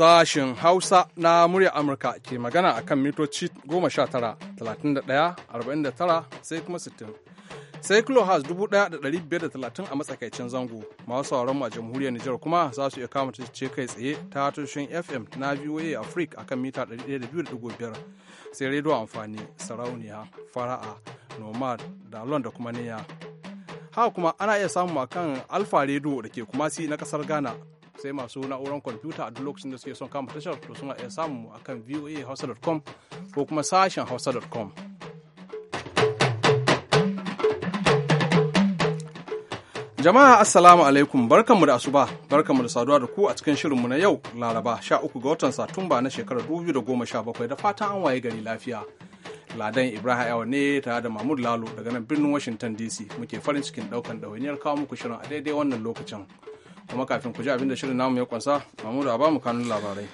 Sashen Hausa na murya Amurka ke magana akan mitoci 19, 31, 49 sai kuma 60. Sai has 1,530 a matsakaicin zango masu sauran a jamhuriyar Nijar kuma za su iya kama ce kai tsaye ta tushen FM na VOA Africa akan mita 102.5 sai rediyo amfani sarauniya fara'a nomad alon da kuma niya. Haka kuma ana iya samu akan alfa rediyo da ke kumasi na kasar Ghana sai masu na'urar kwamfuta a duk lokacin da suke son kama tashar to suna iya samu akan voahausa.com ko kuma sashen hausa.com Jama'a Assalamu alaikum barkanmu da asuba barkanmu da saduwa da ku a cikin shirinmu na yau Laraba 13 ga watan Satumba na shekarar 2017 da fatan an waye gari lafiya. Ladan Ibrahim Yawa ne tare da Mahmud Lalo daga nan birnin Washington DC muke farin cikin daukan dawainiyar kawo muku shirin a daidai wannan lokacin. kuma kafin ku ji abin da shirin namu ya kwansa mamudu a kanun labarai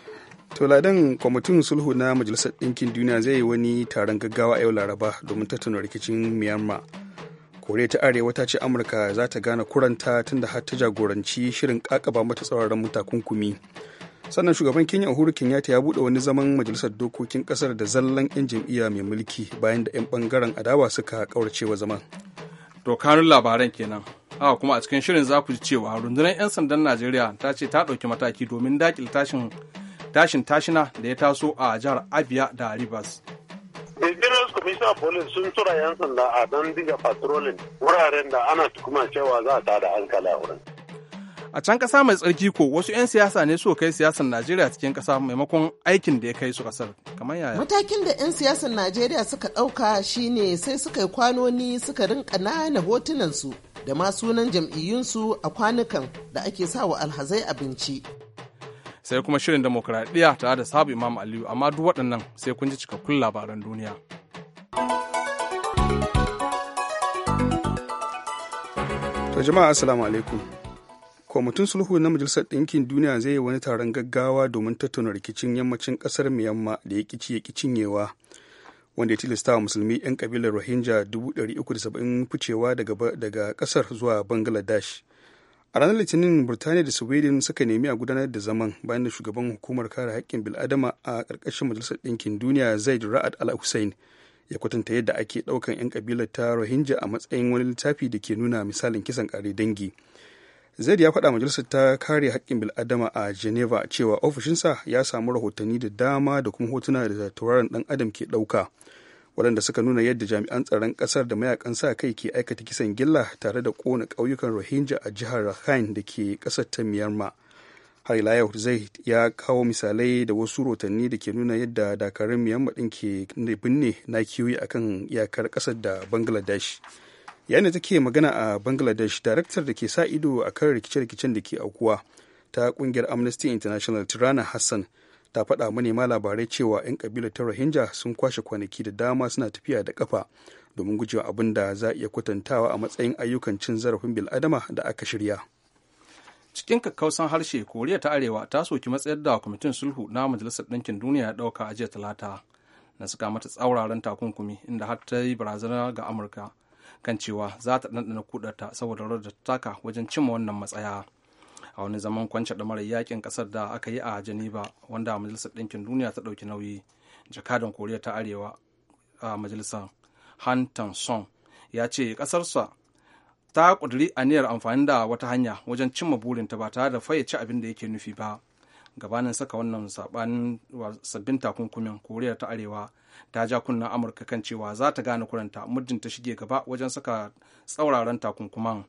to ladan kwamitin sulhu na majalisar ɗinkin duniya zai yi wani taron gaggawa a yau laraba domin tattauna rikicin myanmar koriya ta arewa ta ce amurka za ta gane kuranta tunda har ta jagoranci shirin kakaba mata tsauraran Kunkumi. sannan shugaban kenya uhuru kenyatta ya buɗe wani zaman majalisar dokokin kasar da zallan 'yan jam'iyya mai mulki bayan da 'yan ɓangaren adawa suka kauracewa zaman to kanun labaran kenan haka kuma a cikin shirin za ku ji cewa rundunar 'yan sandan najeriya ta ce ta ɗauki mataki domin daƙil tashin tashin tashina da ya taso a jihar abia da rivers Indigenous Commissioner Police sun tura 'yan sanda a don diga patrolling wuraren da ana tukuma cewa za a tada hankali a wurin. A can ƙasa mai tsarki ko wasu 'yan siyasa ne suka kai siyasar Najeriya cikin ƙasa maimakon aikin da ya kai su ƙasar. Kamar yaya? Matakin da 'yan siyasar Najeriya suka ɗauka shine sai suka yi kwanoni suka rinka nana hotunan su da ma sunan jam'iyyunsu a kwanukan da ake sa wa alhazai abinci. Sai kuma shirin demokuraɗiyya tare da sabu Imam Aliyu, amma duk waɗannan sai kun ji cikakkun labaran duniya. To jama'a assalamu alaikum. Kwamitin sulhu na Majalisar Ɗinkin Duniya zai yi wani taron gaggawa domin tattauna rikicin yammacin ƙasar Myanmar da ya ƙici ya ƙi cinyewa. wanda ya tilasta wa musulmi 'yan kabilar rohingya 370 ficewa daga kasar zuwa bangladesh a ranar litinin burtaniya da sweden suka nemi a gudanar da zaman bayan da shugaban hukumar kare haƙƙin bil'adama a ƙarƙashin majalisar ɗinkin duniya zaid ra'ad al hussein ya kwatanta yadda ake ɗaukan 'yan kabilar ta rohingya a matsayin wani littafi da ke nuna misalin kisan ƙare dangi zaid ya faɗa majalisar ta kare haƙƙin bil'adama a geneva cewa ofishinsa ya samu rahotanni da dama da kuma hotuna da tauraron ɗan adam ke ɗauka waɗanda suka nuna yadda jami'an tsaron ƙasar da mayakan sa kai ke aikata kisan gilla tare da ƙona ƙauyukan rohingya a jihar rakhine da ke ƙasar ta myanmar har ila yau zai ya kawo misalai da wasu rahotanni da ke nuna yadda dakarun myanmar ɗin ke binne na kiwi akan iyakar ƙasar da bangladesh yayin da take magana a bangladesh daraktar da ke sa ido a kan rikice-rikicen da ke aukuwa ta kungiyar amnesty international tirana hassan ta faɗa manema labarai cewa 'yan kabilar ta rohingya sun kwashe kwanaki da dama suna tafiya da kafa domin gujewa abin da za iya kwatantawa a matsayin ayyukan cin zarafin bil'adama da aka shirya cikin kakkausan harshe koriya ta arewa ta soki matsayar da kwamitin sulhu na majalisar ɗinkin duniya ya ɗauka a jiya talata na suka mata tsauraran takunkumi inda har ta yi barazana ga amurka kan cewa za ta ɗanɗana kudarta saboda rawar da ta taka wajen cimma wannan matsaya a wani zaman kwance ɗamarar yakin ƙasar da aka yi a geneva wanda majalisar ɗinkin duniya ta ɗauki nauyi jakadan koriya ta arewa a majalisar han song ya ce ƙasarsa ta ƙudiri aniyar amfani da wata hanya wajen cimma burinta ba tare da fayyace abin da yake nufi ba gabanin saka wannan sabbin takunkumin koriya ta arewa ta ja kunnen amurka kan cewa za ta gane kuranta muddin ta shige gaba wajen saka tsauraran takunkuman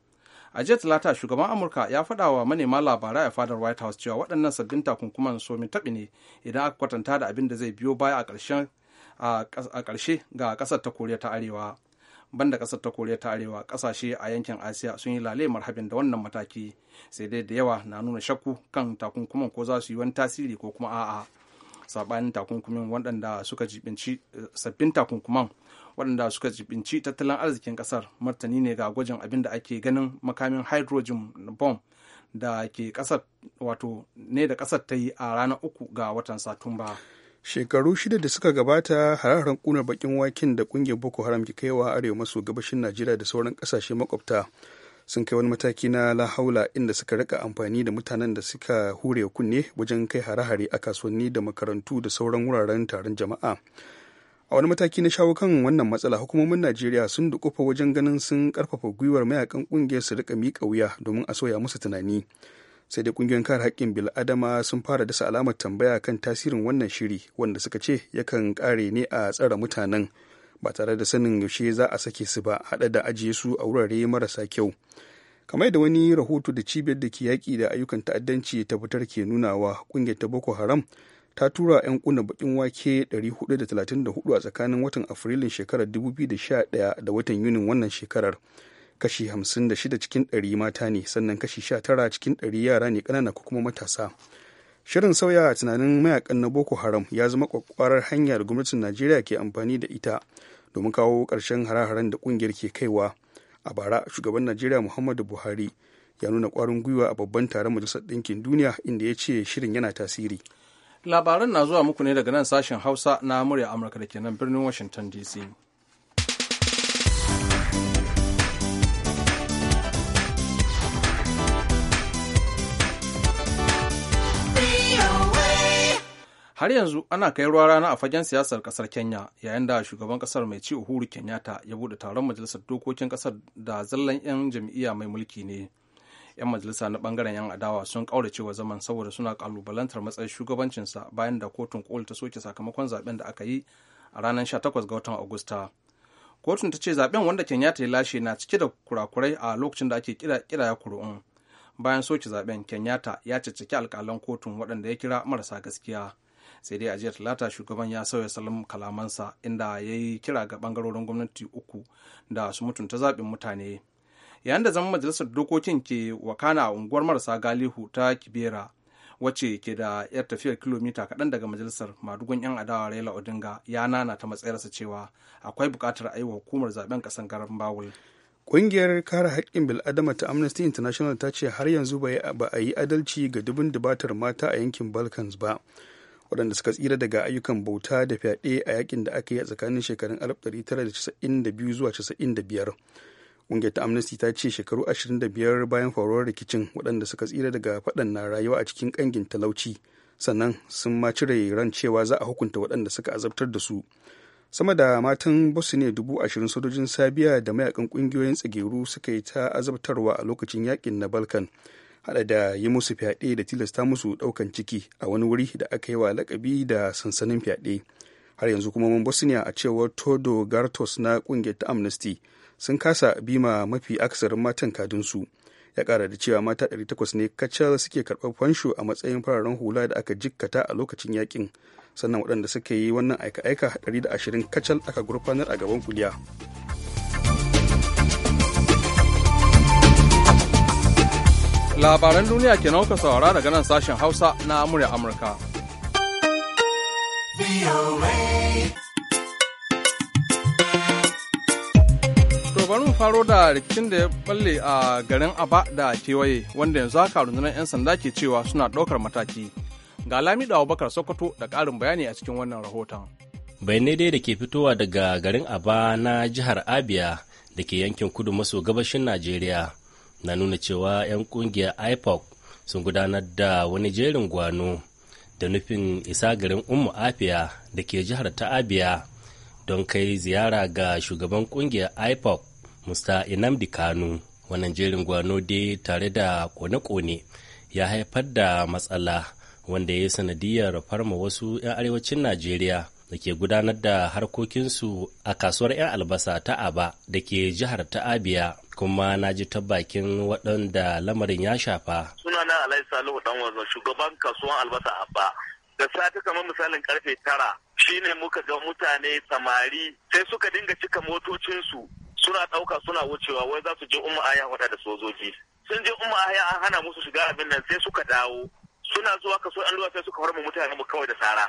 a jiya talata shugaban amurka ya faɗa wa manema labarai a fadar white house cewa waɗannan sabbin takunkuman somin taɓi ne idan aka kwatanta da abin da zai biyo baya a ƙarshen ƙarshe ga ƙasar ta koriya ta arewa banda ƙasar ta koriya ta arewa ƙasashe a yankin asiya sun yi lale habin da wannan mataki sai dai da yawa na nuna shakku kan takunkuman ko za su yi wani tasiri ko kuma a'a sabanin takunkumin waɗanda suka jibinci eh, sabbin takunkuman waɗanda suka jibinci tattalin arzikin ƙasar martani ne ga gwajin abin da ake ganin makamin hydrogen bomb da ke ƙasar wato ne da ƙasar ta yi a ranar uku ga watan satumba shekaru shida da suka gabata hararren kunar bakin waken da kungiyar boko haram ke kaiwa arewa maso gabashin najeriya da sauran ƙasashe makwabta sun kai wani mataki na lahaula inda suka rika amfani da mutanen da suka hure kunne wajen kai hare-hare a kasuwanni da makarantu da sauran wuraren taron jama'a a wani mataki na shawo kan wannan matsala hukumomin najeriya sun dukufa wajen ganin sun karfafa gwiwar mayakan kungiyar su rika miƙa wuya domin a soya musu tunani sai dai kungiyar kare haƙƙin bil'adama sun fara dasa alamar tambaya kan tasirin wannan shiri wanda suka ce yakan kare ne a tsare mutanen ba tare da sanin yaushe za a sake su ba haɗa da ajiye su a wurare marasa kyau kamar da wani rahoto da cibiyar da ke yaƙi da ayyukan ta'addanci ta fitar ke nunawa ƙungiyar ta boko haram ta tura 'yan kuna baƙin wake 434 a tsakanin watan afrilun shekarar 2011 da watan yunin wannan shekarar kashi 56 cikin 100 mata ne sannan kashi 19 cikin 100 yara ne ƙanana ko kuma matasa shirin sauya tunanin mayakan na boko haram ya zama kwakwarar hanya da gwamnatin najeriya ke amfani da ita domin kawo ƙarshen hare-haren da ƙungiyar ke kaiwa a bara shugaban najeriya muhammadu buhari ya nuna ƙwarin gwiwa a babban taron majalisar ɗinkin duniya inda ya ce shirin yana tasiri labaran na zuwa muku ne daga nan sashen hausa na murya amurka da ke nan birnin washington dc har yanzu ana kai ruwa rana a fagen siyasar kasar kenya yayin da shugaban kasar mai ci uhuru kenyatta ya bude taron majalisar dokokin kasar da zallan 'yan jam'iyya mai mulki ne 'yan majalisa na bangaren 'yan adawa sun kauracewa zaman saboda suna kalubalantar matsayin shugabancinsa bayan da kotun koli ta soke sakamakon zaben da aka yi a ranar 18 ga watan agusta kotun ta ce zaben wanda kenyatta ya lashe na cike da kurakurai a lokacin da ake kira ya kuru'un, bayan soke zaben kenyatta ya cicciki alkalan kotun waɗanda ya kira marasa gaskiya sai dai a jiya talata shugaban ya sauya salon kalamansa inda ya yi kira ga bangarorin gwamnati uku da su mutunta zaɓin mutane yayin da zaman majalisar dokokin ke wakana a unguwar marasa galihu ta kibera wacce ke da yar tafiyar kilomita kaɗan daga majalisar madugun 'yan adawa raila odinga ya nana ta matsayarsa cewa akwai buƙatar a yi wa hukumar zaɓen ƙasar garin bawul Ƙungiyar kare haƙƙin bil'adama ta Amnesty International ta ce har yanzu ba a yi adalci ga dubin dubatar mata a yankin Balkans ba, waɗanda suka tsira daga ayyukan bauta da fyaɗe a yakin da aka yi a tsakanin shekarun 1992 zuwa 95 ƙungiyar ta amnesty ta ce shekaru 25 bayan faruwar rikicin waɗanda suka tsira daga faɗan na rayuwa a cikin ƙangin talauci sannan sun ma cire ran cewa za a hukunta waɗanda suka azabtar da su sama da matan bosnia dubu ashirin sojojin sabiya da mayakan ƙungiyoyin tsageru suka yi ta azabtarwa a lokacin yakin na balkan hada da yi musu fyaɗe da tilasta musu ɗaukan ciki a wani wuri da aka yi wa lakabi da sansanin fyaɗe har yanzu kuma bosnia a cewar todo gartos na ƙungiyar ta amnesty sun kasa bima mafi akasarin matan kadunsu ya kara da cewa mata 800 ne kacal suke karɓar fansho a matsayin fararen hula da aka jikkata a lokacin yakin sannan waɗanda suka yi wannan aika-aika 120 kacal aka gurfanar a gaban kuliya. Labaran duniya ke nauka saurara daga nan sashen Hausa na amurya Amurka. To bari mu faro da rikicin da ya balle a garin Aba da kewaye wanda yanzu haka rundunar 'yan sanda ke cewa suna ɗaukar mataki. Ga lami da Abubakar Sokoto da ƙarin bayani a cikin wannan rahoton. Bayanai dai da ke fitowa daga garin Aba na jihar Abia da ke yankin kudu maso gabashin Najeriya na nuna cewa 'yan kungiyar ipoc sun gudanar da wani jerin gwano da nufin isa garin umu afiya da ke jihar ta abiya don kai ziyara ga shugaban kungiyar ipoc musta inamdi kanu wannan jerin gwano dai tare da kone-kone ya haifar da matsala wanda ya yi sanadiyar farma wasu 'yan arewacin najeriya da ke gudanar da harkokinsu a kasuwar 'yan albasa ta aba da ke jihar ta abiya kuma na ji ta bakin waɗanda lamarin ya shafa Suna na alai salihu dan wanzo shugaban kasuwar albasa aba da sati kamar misalin karfe tara shine muka ga mutane samari sai suka dinga cika motocinsu suna ɗauka suna wucewa wai za su je umma aya wada da sojoji sun je umma aya an hana musu shiga abin nan sai suka dawo suna zuwa kaso an luwa sai suka farma mutane mu kawai da sara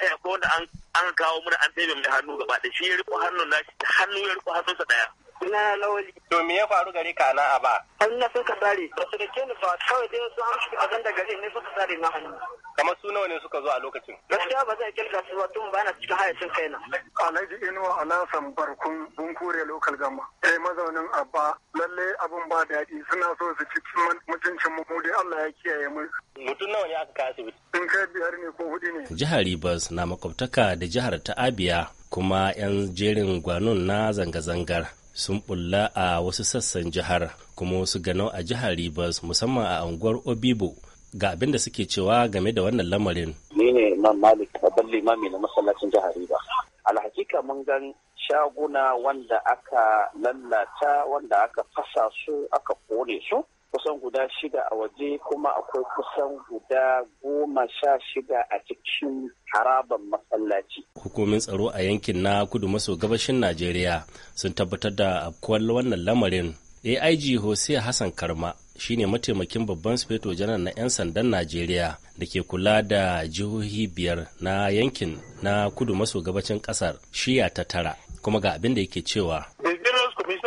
aya ko wanda an an kawo mana an taimaka mai hannu gaba da shi ya riko hannun nashi hannu ya riko hannunsa daya na lawali. To me ya faru gari ka na a ba? Hannu sun ka sare. Ba su da ke ni ba kawai dai su an shiga a da gari ne ka sare na hannu. Kamar su nawa ne suka zo a lokacin? Gaskiya ba zai kirga su ba tun ba na cikin hayacin kaina. Alhaji Inuwa Alasan Barkun Bunkure Local Gama. Eh mazaunin Abba lalle abun ba daɗi suna so su ci mutuncin mu dai Allah ya kiyaye mu. Mutum nawa ne aka kawo asibiti? Sun kai biyar ne ko hudu ne. Jihar Rivers na makwabtaka da jihar ta Abia kuma 'yan jerin gwanon na zanga-zangar sun bulla a wasu sassan jihar kuma wasu gano a jihar Rivers musamman a unguwar Obibo ga abin da suke cewa game da wannan lamarin. Ni ne Imam Malik babban limami na masallacin jihar Rivers. Alhakika mun gan shaguna wanda aka lallata wanda aka fasa su aka kone su kusan guda shida a waje kuma akwai kusan guda goma sha shida a cikin harabar masallaci. Hukumin tsaro a yankin na kudu maso gabashin Najeriya sun tabbatar da afkuwar wannan lamarin. AIG Hose Hassan Karma shine mataimakin babban speto janar na 'yan sandan Najeriya da ke kula da jihohi biyar na yankin na kudu maso gabacin kasar shiya ta tara kuma ga abin da yake cewa.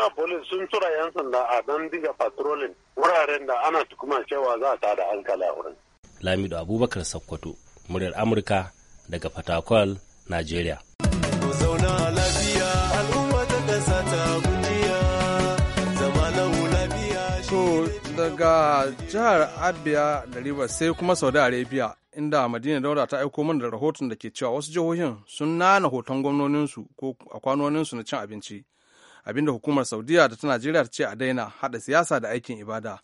sa police sun tura yan sanda a dan diga patrolin wuraren da ana tukuma cewa za ta da hankali a wurin. Lamido Abubakar Sokoto, muryar Amurka daga Fatakwal, Najeriya. daga jihar abia da rivers sai kuma saudi arabia inda madina daura ta aiko mana da rahoton da ke cewa wasu jihohin sun nana hoton gwamnoninsu ko a kwanoninsu na cin abinci abinda hukumar saudiya da ta najeriya ce a daina haɗa siyasa da aikin ibada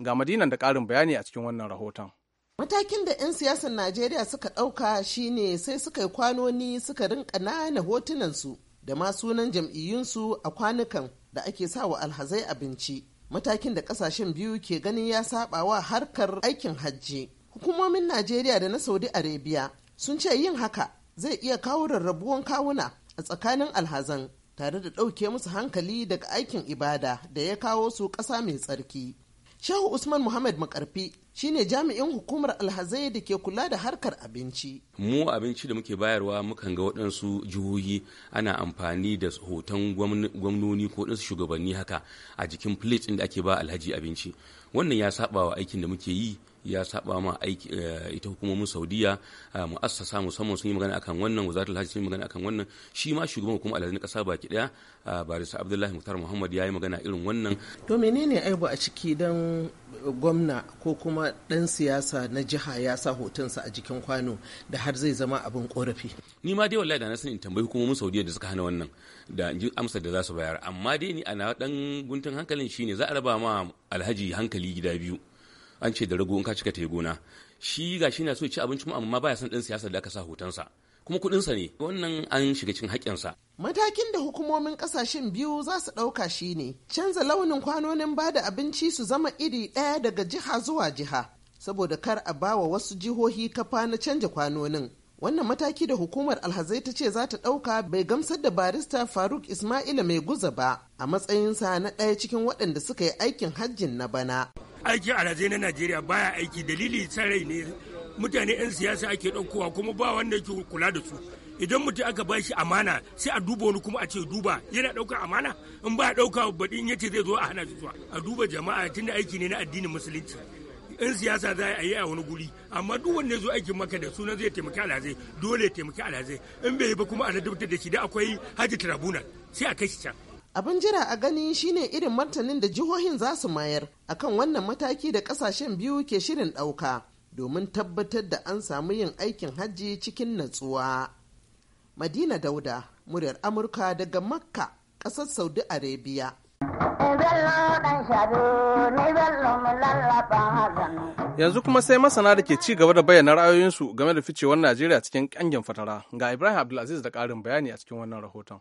ga madinan da ƙarin bayani a cikin wannan rahoton Matakin da 'yan siyasar Najeriya suka ɗauka shine sai suka yi kwanoni suka rinka hotunan su da ma sunan jam'iyyunsu a kwanukan da ake sa wa alhazai abinci. Matakin da ƙasashen biyu ke ganin ya saba wa harkar aikin hajji. Hukumomin Najeriya da na Saudi Arabia sun ce yin haka zai iya kawo rarrabuwan kawuna a tsakanin alhazan tare da ɗauke musu hankali daga aikin ibada da ya kawo su ƙasa mai tsarki. Shehu Usman Muhammad Makarfi shine jami'in hukumar alhazai da ke kula da harkar abinci. Mu abinci da muke bayarwa mukan ga waɗansu jihohi ana amfani da hoton gwamnoni ko ɗansu shugabanni haka a jikin plate da ake ba alhaji abinci. Wannan ya saɓa wa aikin da muke yi ya saba ma aiki eh, ita hukumomin saudiya eh, mu'assasa musamman sun yi magana akan wannan wazaratul hajji sun yi magana akan wannan shi ma shugaban hukumar alhazin kasa baki daya eh, barisa abdullahi muktar muhammad ya yi magana irin wannan to menene aibu a ciki dan gwamna ko kuma dan siyasa na jiha ya sa hotonsa a jikin kwano da har zai zama abin korafi ni ma dai wallahi da na sani tambayi hukumomin saudiya da suka hana wannan da amsa da za su bayar amma dai ni ana dan guntun hankalin shine za a raba ma alhaji hankali gida biyu an ce da rago in ka cika ta gona shi ga shi na so ci abinci mu amma baya son dan siyasar da aka sa hotonsa kuma kuɗinsa ne wannan an shiga cikin haƙƙinsa. Matakin da hukumomin kasashen biyu za su ɗauka shine canza launin kwanonin ba da abinci su zama iri ɗaya daga jiha zuwa jiha saboda kar a bawa wasu jihohi kafa na canja kwanonin. Wannan mataki da hukumar alhazai ta ce za ta ɗauka bai gamsar da barista Faruk Ismaila mai guza ba a matsayinsa na ɗaya cikin waɗanda suka yi aikin hajjin na bana. aikin alhazai na najeriya baya aiki dalili rai ne mutane 'yan siyasa ake ɗaukowa kuma ba wanda yake kula da su idan mutum aka ba shi amana sai a duba wani kuma a ce duba yana ɗauka amana in ba ɗauka baɗin yace zai zo a hana shi a duba jama'a tunda aiki ne na addinin musulunci in siyasa za a yi a wani guri amma duk wanda zo aikin maka da suna zai taimaki alhazai dole ya taimaki alhazai in bai yi ba kuma a da shi da akwai haji tribunal sai a kai can abin jira a gani shine irin martanin da jihohin za su mayar akan wannan mataki da kasashen biyu ke shirin ɗauka domin tabbatar da an samu yin aikin hajji cikin natsuwa madina dauda muryar amurka daga makka ƙasar saudi arabia yanzu kuma sai masana da ke ci gaba da bayyana ra'ayoyinsu game da ficewar najeriya cikin ƙangin fatara ga ibrahim abdulaziz da ƙarin bayani a cikin wannan rahoton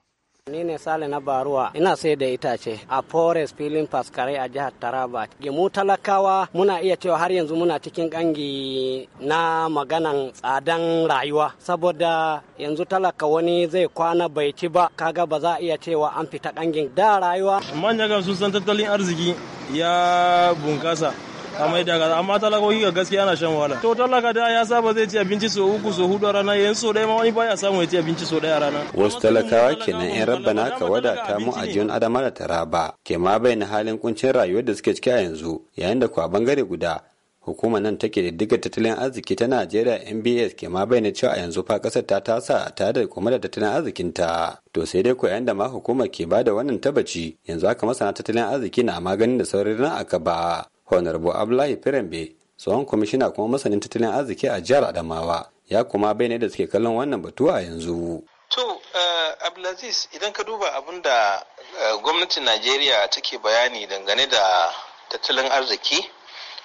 Ni ne Sale na Baruwa, ina sai da itace a Forest filin Faskare a jihar Taraba. Gemu talakawa muna iya cewa har yanzu muna cikin kangi na maganan tsadan rayuwa. Saboda yanzu talaka wani zai kwana bai ci ba, kaga ba za a iya cewa an fita kangin da rayuwa. Manya sun san tattalin arziki ya bunkasa. a mai da kaza amma talaka ga gaskiya ana shan wahala to talaka da ya saba zai ci abinci so uku so hudu a rana so dai ma wani baya samu ya ci abinci so ɗaya a rana wasu talakawa kenan yan rabbana ka wadata mu a jiyon adama da taraba ke ma bayyana halin kuncin rayuwar da suke ciki a yanzu yayin da kwa bangare guda hukumar nan take da diga tattalin arziki ta najeriya mbs ke ma bayyana cewa yanzu fa kasar ta tasa tare da kuma da tattalin arzikinta to sai dai yayin da ma hukumar ke ba da wannan tabbaci yanzu aka masana tattalin arziki na maganin da saurin aka ba honorable abdullahi firambe tsohon kwamishina kuma masanin tattalin arziki a jihar adamawa ya kuma bayyana da suke kallon wannan batu a yanzu to eh, abdulaziz idan ka duba abin da eh, gwamnatin najeriya take bayani dangane da tattalin arziki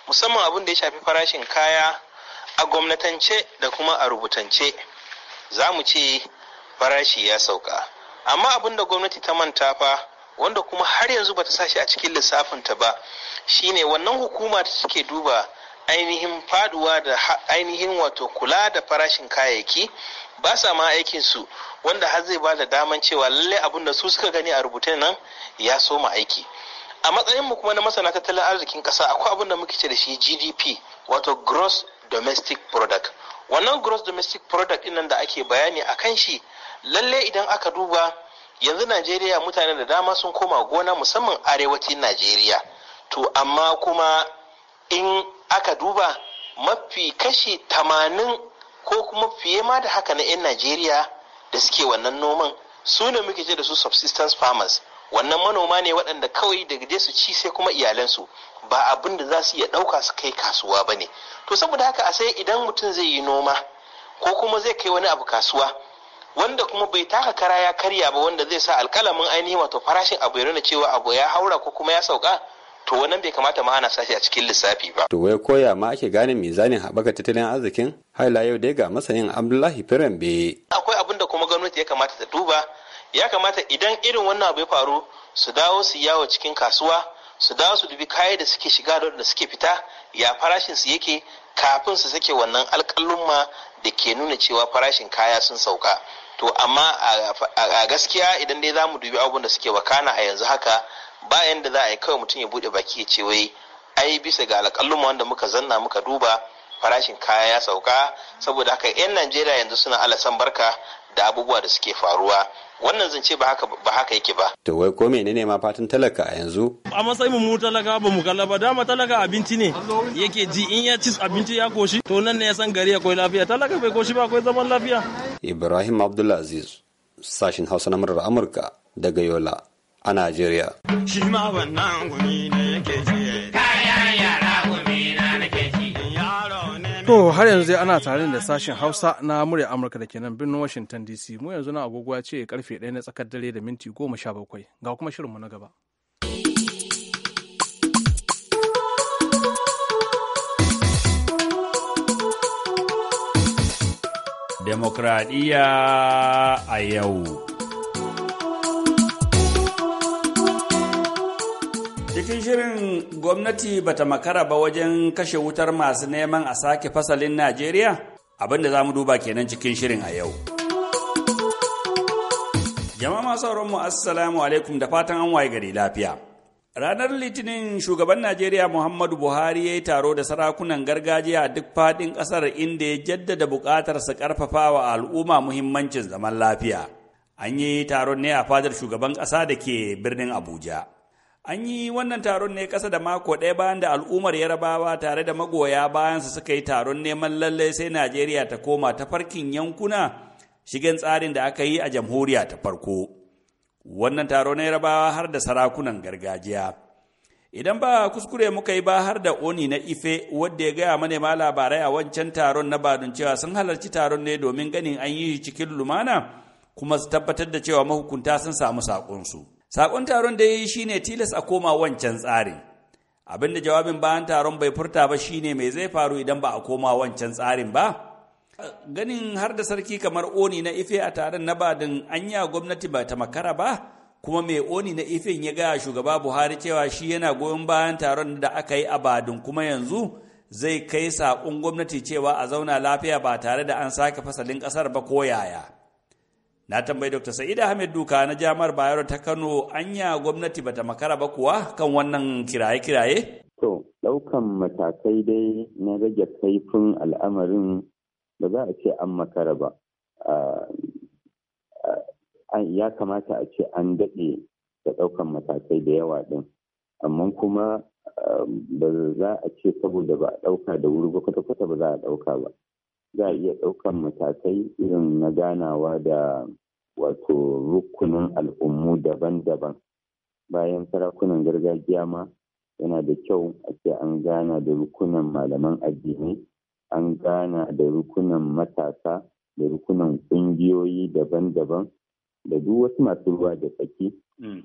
musamman abin da ya shafi farashin kaya a gwamnatance da kuma a rubutance za mu ce farashi ya sauka amma abin da gwamnati ta manta fa wanda kuma har yanzu bata sa shi a cikin lissafinta ba shine wannan hukuma ta take duba ainihin faduwa da ainihin wato kula da farashin kayayyaki ba sa ma aikin su wanda har zai ba da daman cewa lalle abin da su suka gani a rubuta nan ya soma aiki a matsayin mu kuma na masana tattalin arzikin kasa akwai abin da muke ce da shi GDP wato gross domestic product wannan gross domestic product din da ake bayani akan shi lalle idan aka duba yanzu najeriya mutane da dama sun koma gona musamman arewacin najeriya to amma kuma in aka duba mafi kashi tamanin ko kuma fiye ma da haka na 'yan najeriya da suke wannan noman su ne muke ce da su subsistence farmers wannan manoma ne waɗanda kawai da je su ci sai kuma iyalansu ba abin da za su iya ɗauka su kai kasuwa ba ne to saboda haka a sai idan mutum zai yi noma ko kuma zai kai wani abu kasuwa wanda kuma bai taka kara ya karya ba wanda zai sa alkalamin ainihin wato farashin abu ya nuna cewa abu ya haura ko kuma ya sauka to wannan bai kamata ma ana sashi a cikin lissafi ba. To wai koya ma ake gane mizanin haɓaka tattalin arzikin? Haila yau dai ga masanin Abdullahi Firambe. Akwai abun da kuma gwamnati ya kamata ta duba, ya kamata idan irin wannan abu ya faru su dawo su yawo cikin kasuwa, su dawo su dubi kaya da suke shiga da suke fita, ya farashin su yake kafin su sake wannan alƙalumma da ke nuna cewa farashin kaya sun sauka to amma a gaskiya idan dai za mu dubi abubuwan da suke wakana a yanzu haka bayan da za a yi kawai mutum ya buɗe baki ya ce wai ai bisa ga alƙalluma wanda muka zanna muka duba farashin kaya ya sauka saboda haka 'yan najeriya yanzu suna alasan barka da abubuwa da suke faruwa wannan zance ba haka ba haka yake ba to wai ko menene ma fatan talaka a yanzu a matsayin mu talaka ba mu kalla ba dama talaka abinci ne yake ji in ya ci abinci ya koshi to nan ne ya san gari ya akwai lafiya talaka bai koshi ba akwai zaman lafiya Ibrahim Abdulaziz sashin Hausa na murar Amurka daga Yola a Najeriya shi ma wannan gumi ne yake ji To har yanzu dai ana tare da sashen Hausa na murya Amurka da kenan birnin Washington DC. Mu yanzu na agogo ya ce karfe ɗaya na tsakar dare da minti goma sha bakwai. Ga kuma shirinmu na gaba. Demokradiyya a yau. cikin shirin gwamnati bata makara ba wajen kashe wutar masu neman a sake fasalin Najeriya? Abin da za mu duba kenan cikin shirin a yau. Jama'a masu mu assalamu alaikum da fatan an waye gari lafiya. Ranar Litinin shugaban Najeriya Muhammadu Buhari ya yi taro da sarakunan gargajiya a duk faɗin ƙasar inda ya jaddada buƙatar su ƙarfafa al'umma muhimmancin zaman lafiya. An yi taron ne a fadar shugaban ƙasa da ke birnin Abuja. An yi wannan taron ne kasa da mako ɗaya bayan da al'ummar Yarabawa tare da magoya su suka yi taron neman lallai sai Najeriya ta koma ta farkin yankuna shigen tsarin da aka yi a jamhuriya ta farko. Wannan taro na Yarabawa har da sarakunan gargajiya. Idan ba kuskure muka yi ba har da oni na ife wadda ya gaya manema labarai a wancan taron na badun cewa sun halarci taron ne domin ganin an yi cikin lumana kuma su tabbatar da cewa mahukunta sun samu saƙonsu. Saƙon taron da ya yi shi ne tilas a koma wancan tsari. Abin da jawabin bayan taron bai furta ba shi ne mai zai faru idan ba a koma wancan tsarin ba. Ganin har da sarki kamar oni na ife a taron na badin anya gwamnati ba ta makara ba, kuma mai oni na ifin ya gaya shugaba Buhari cewa shi yana goyon bayan taron da aka yi a badin kuma yanzu zai kai saƙon gwamnati cewa a zauna lafiya ba tare da an sake fasalin ƙasar ba ko yaya. na tambayi dr sa'ida ahmed duka na jami'ar bayero ta kano anya gwamnati bata makara ba kuwa kan wannan kiraye-kiraye to ɗaukan matakai dai na rage kaifin al'amarin ba za a ce an makara ba ya kamata a ce an daɗe da ɗaukan matakai da yawa ɗin amma kuma ba za a ce saboda ba a ɗauka da wuri ba kwata-kwata ba za a ɗauka ba za a iya ɗaukan matakai irin na ganawa da wato rukunin al'ummu daban-daban bayan sarakunan gargajiya ma yana da kyau a ce an gana da rukunan malaman addini an gana da rukunan matasa da rukunan ƙungiyoyi daban-daban da duk wasu masu ruwa da tsaki mm.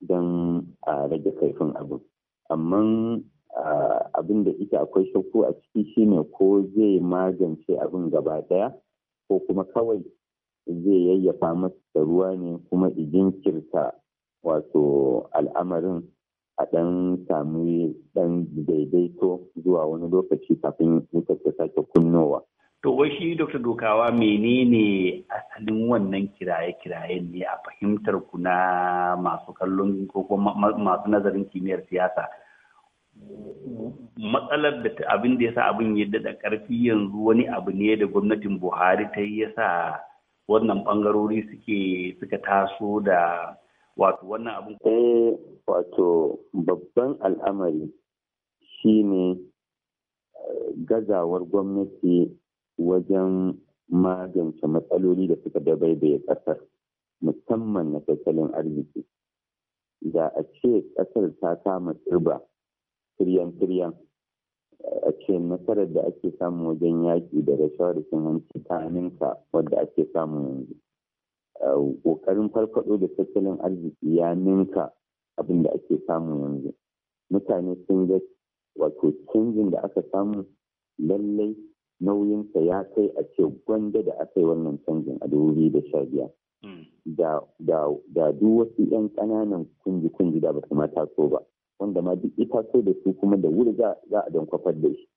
don a rage kaifin abu. amma Ah, abin da ita akwai shakku a ciki shine ko zai magance abin gaba daya ko kuma kawai zai yayyafa masu da ruwa ne kuma ijinkirta wato al'amarin a ɗan sami ɗan daidaito zuwa wani lokaci kafin wutar ta sake kunnowa. To wai shi Dr. Dokawa menene asalin wannan kiraye-kiraye ne a fahimtar ku na masu kallon ko masu nazarin kimiyyar siyasa matsalar da abin da ya sa abin ya daɗa ƙarfi yanzu wani abu ne da gwamnatin buhari ta yi ya sa wannan ɓangarori suke suka taso da wato wannan abin ko eh, wato babban al'amari shine eh, gazawar gwamnati wajen magance matsaloli da suka dabaibaye ƙasar musamman na tattalin arziki da a ce ƙasar ta kama tsirba tiryan-tiryan a ce nasarar da ake samu wajen yaƙi da rashawa da cin hanci ta aminka wadda ake samu yanzu ƙoƙarin farfaɗo da tattalin arziki ya ninka abin da ake samu yanzu mutane sun ga wato canjin da aka samu lallai nauyinsa ya kai a ce gwanda da aka yi wannan canjin a dubu da sha biyar hmm. da duk wasu 'yan ƙananan kunji-kunji da ba su mata so ba wanda ma duk ita so da su kuma da wuri za a don kwafar da shi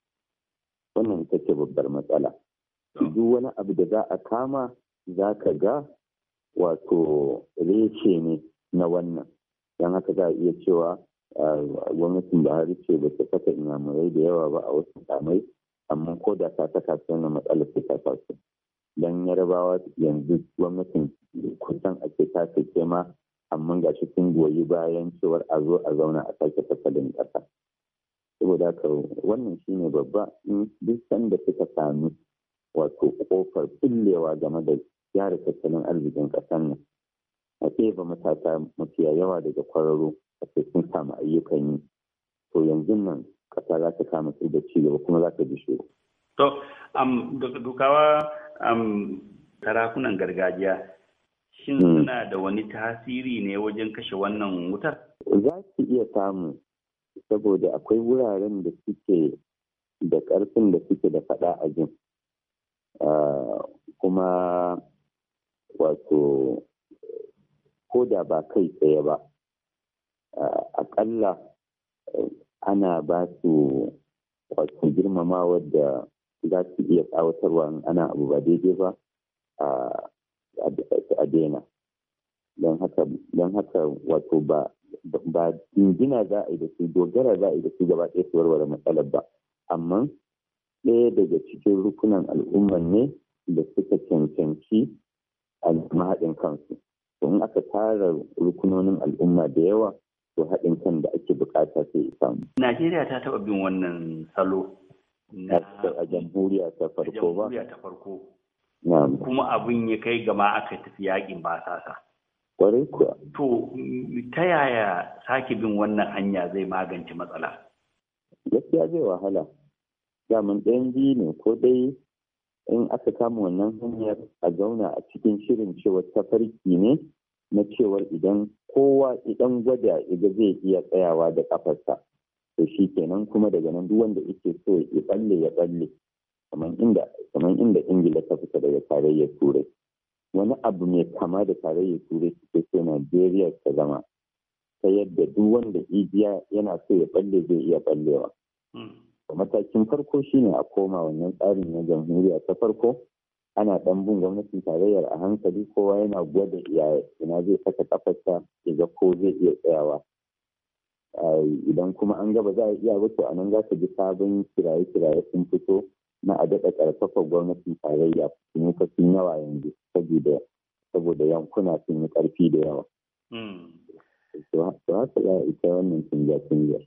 wannan ita ce babbar matsala duk wani abu da za a kama za ka ga wato reshe ne na wannan don haka za a iya cewa gwamnatin buhari ce ba ta saka inyamurai da yawa ba a wasu kamai amma ko da ta saka su matsala matsalar ta saka su don yarabawa yanzu gwamnatin kusan ake ta ma amma ga shi sun goyi bayan cewar a zo a zauna a sake tattalin ƙasa saboda haka wannan shi ne babba duk sanda suka sami wato ƙofar fillewa game da gyara tattalin arzikin ƙasar nan a ba matasa mafiya yawa daga kwararo a sun samu ayyukan yi to yanzu nan ƙasa za ta kama su da ci gaba kuma za ta bishe to dukawa sarakunan gargajiya shin hmm. suna da wani tasiri ne wajen kashe wannan wutar? Za su iya samu, saboda akwai wuraren da suke da ƙarfin da suke da faɗa a jin. Ah, kuma wato ko da ba kai tsaye ba, ah, aƙalla eh, ana ba su wato girmamawar da za su iya tsawatarwa ana abu ba daidai ba. Ah, a daina don haka wato ba ba za a yi da su dogara za a yi da su gaba ɗaya su warware matsalar ba amma ɗaya daga cikin rukunan al'umman ne da suka cancanci a mahaɗin kansu to in aka tara rukunonin al'umma da yawa to haɗin kan da ake buƙata sai ya samu. Najeriya ta taɓa bin wannan salo. na A jamhuriya ta farko ba. kuma abin ya kai gama aka tafi yakin ba sasa kwarai kuwa to ta yaya sake bin wannan hanya zai magance matsala gaskiya zai wahala daman ɗayan biyu ne ko dai in aka kama wannan hanyar a zauna a cikin shirin cewa farki ne na cewar idan kowa idan gwada iga zai iya tsayawa da kafarsa to shi kenan kuma daga nan duk wanda yake so ya balle ya balle kamar inda ingila ta fita daga tarayyar turai wani abu mai kama da tarayyar turai suke so najeriya ta zama ta yadda duk wanda igiya yana so ya balle zai iya ballewa hmm. matakin farko shine a koma wannan tsarin na jamhuriya ta farko ana dan bin gwamnatin tarayyar a hankali kowa yana gwada iyaye ina zai saka kafarsa ya ko zai iya tsayawa idan kuma an gaba za a iya wato a nan za ka ji sabon kiraye-kiraye sun fito na a daɗa ƙarfafa gwamnatin tarayya sun yi yawa yanzu saboda saboda yankuna sun yi ƙarfi da yawa. Su hmm. haka za a ita wannan canja canjar.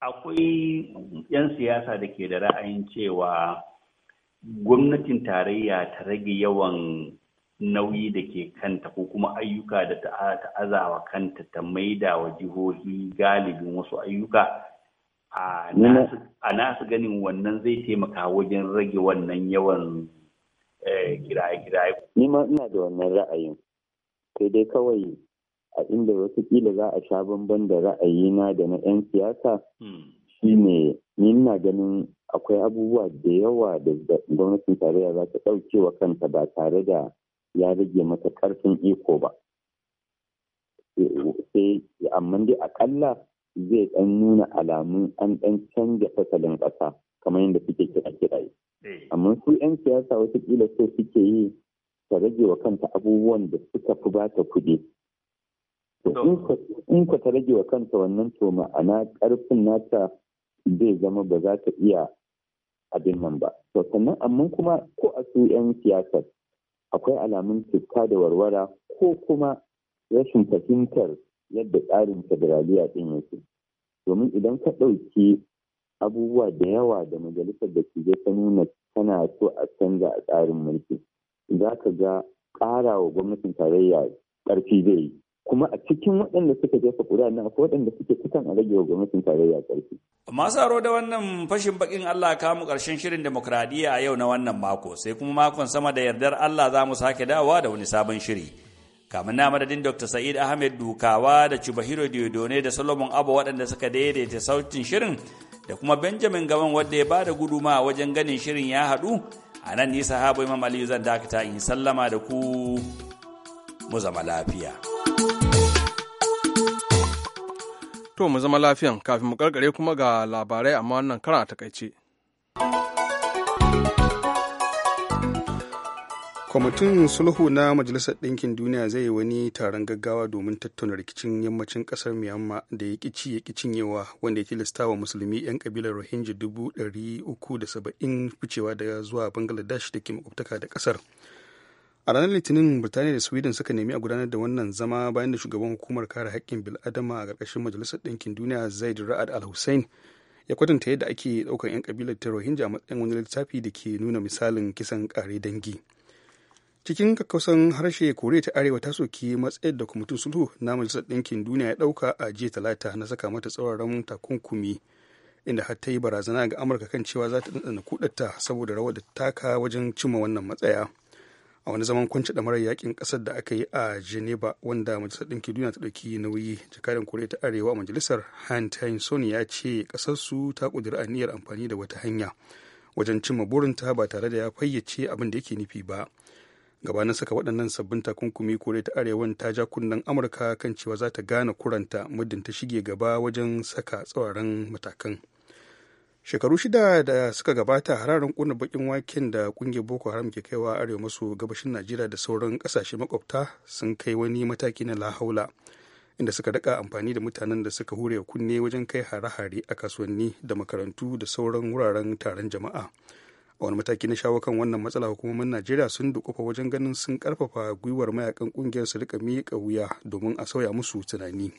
Akwai 'yan siyasa da ke da ra'ayin cewa gwamnatin tarayya ta rage yawan nauyi da ke kanta ko kuma ayyuka da ta azawa kanta ta maida wa jihohi galibin wasu ayyuka a nasu ganin wannan zai taimaka wajen rage wannan yawan eh, kiraye-kiraye. Ni ina da wannan ra'ayin. Sai dai kawai a inda wasu kila za a sha bamban da ra'ayina da na 'yan siyasa hmm. shine ni ina ganin akwai abubuwa da yawa da gwamnatin tarayya za ta ɗauke wa kanta ba tare da ya rage mata ƙarfin iko ba. Eh, sai amma dai akalla zai ɗan nuna alamun an ɗan canza fasalin ƙasa kamar yadda suke kira yi. Eh. Amma su 'yan siyasa wasu kila so suke yi ta rage wa kanta abubuwan da suka fi ba ta kuɗi. to In ka ta rage wa kanta wannan to ma'ana ƙarfin nata zai zama ba za ta iya abin nan ba. To sannan amma kuma ko a su 'yan siyasar akwai alamun cuta da warwara ko kuma rashin fahimtar yadda tsarin federaliya ɗin yake domin idan ka ɗauki abubuwa da yawa da majalisar da ke ta nuna tana so a canza a tsarin mulki za ka ga ƙara wa gwamnatin tarayya ƙarfi zai yi kuma a cikin waɗanda suka jefa ƙuri'a na akwai waɗanda suke kusan a rage wa gwamnatin tarayya ƙarfi. Masu aro da wannan fashin baƙin Allah kamu ƙarshen shirin demokradiyya a yau na wannan mako sai kuma makon sama da yardar Allah za mu sake dawowa da wani sabon shiri. kamar na madadin dr sa'id ahmed dukawa da chubahiro diodone da solomon abu waɗanda suka daidaita sautin shirin da kuma benjamin gaban wanda ya ba da guduma wajen ganin shirin ya haɗu a nan nisa habu imam aliyu zan dakata in sallama da ku mu zama lafiya to mu zama lafiyan kafin mu karkare kuma ga labarai amma wannan karan a takaice. kwamitin sulhu na majalisar ɗinkin duniya zai yi wani taron gaggawa domin tattauna rikicin yammacin ƙasar myanmar da ya ƙici ya cinyewa wanda ya tilasta wa musulmi 'yan kabilar rohingya dubu ɗari uku da saba'in ficewa da zuwa bangladesh da ke makwabtaka da ƙasar a ranar litinin birtaniya da sweden suka nemi a gudanar da wannan zama bayan da shugaban hukumar kare haƙƙin bil'adama a ƙarƙashin majalisar ɗinkin duniya zaid ra'ad al hussein ya kwatanta yadda ake ɗaukar 'yan kabilar ta rohingya a matsayin wani littafi da ke nuna misalin kisan ƙare dangi cikin kakkausan harshe koriya ta arewa ta soki matsayar da kwamitin sulhu na majalisar ɗinkin duniya ya ɗauka a jiya talata na saka mata tsawon tsauraran takunkumi inda har ta yi barazana ga amurka kan cewa za ta ɗanɗana saboda rawar da taka wajen cimma wannan matsaya a wani zaman kwanci marar yakin ƙasar da aka yi a geneva wanda majalisar ɗinkin duniya ta ɗauki nauyi jakadan koriya ta arewa a majalisar hantain son ya ce ƙasarsu ta ƙudiri aniyar amfani da wata hanya wajen cimma burinta ba tare da ya fayyace abin da yake nufi ba gabanin saka waɗannan sabbin takunkumi kore ta arewan ta ja kunnen amurka kan cewa za ta gane kuranta muddin ta shige gaba wajen saka tsawaran matakan shekaru shida da suka gabata hararin kuna bakin waken da kungiyar boko haram ke kaiwa arewa maso gabashin najeriya da sauran kasashe makwabta sun kai wani mataki na lahaula inda suka daka amfani da mutanen da suka hure kunne wajen kai hare-hare a kasuwanni da makarantu da sauran wuraren taron jama'a a wani mataki na shawo kan wannan matsala hukumomin najeriya sun dukufa wajen ganin sun karfafa gwiwar mayakan kungiyar su rika miƙa wuya domin a sauya musu tunani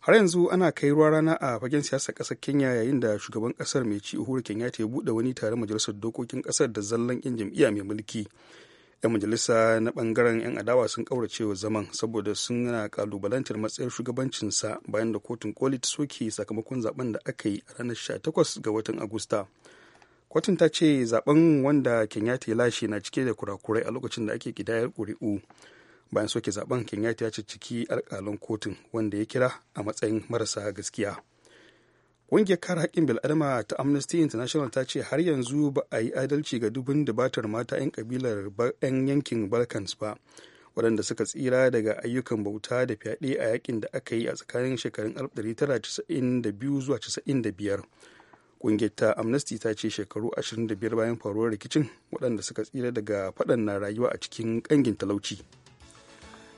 har yanzu ana kai ruwa rana a fagen siyasar ƙasar kenya yayin da shugaban ƙasar mai ci uhuru kenyatta ya buɗe wani taron majalisar dokokin ƙasar da zallan yan jam'iyya mai mulki yan majalisa na bangaren yan adawa sun kaurace wa zaman saboda suna kalubalantar matsayar shugabancinsa bayan da kotun koli ta soke sakamakon zaben da aka yi a ranar 18 ga watan agusta kotun ta ce zaben wanda kenyatta ya lashe na cike da kurakurai a lokacin da ake kidayar ƙuri'u bayan soke zaben kenyatta ya ciki alƙalin kotun wanda ya kira a matsayin marasa gaskiya ƙungiyar kare haƙƙin bil'adama ta amnesty international ta ce har yanzu ba a yi adalci ga dubin dubatar mata 'yan kabilar 'yan yankin balkans ba waɗanda suka tsira daga ayyukan bauta da fyaɗe a yakin da aka yi a tsakanin shekarun 1992 zuwa 95 kungiyar ta amnesty ta ce shekaru 25 bayan faruwar rikicin waɗanda suka tsira daga faɗan na rayuwa a cikin ƙangin talauci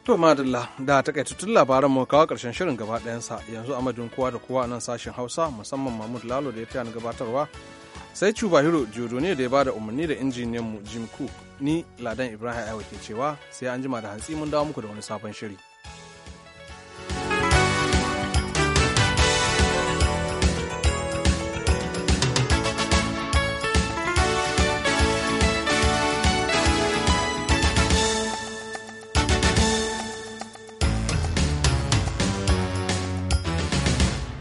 to madalla da takaitattun labaran mu kawo ƙarshen shirin gaba ɗayansa yanzu amadin kowa da kowa a nan sashen hausa musamman mahmud lalo da ya tayar gabatarwa sai cuba hiro jodo ne da ya bada umarni da injiniyan mu jim cook ni ladan ibrahim aiwa ke cewa sai an jima da hantsi mun dawo muku da wani sabon shiri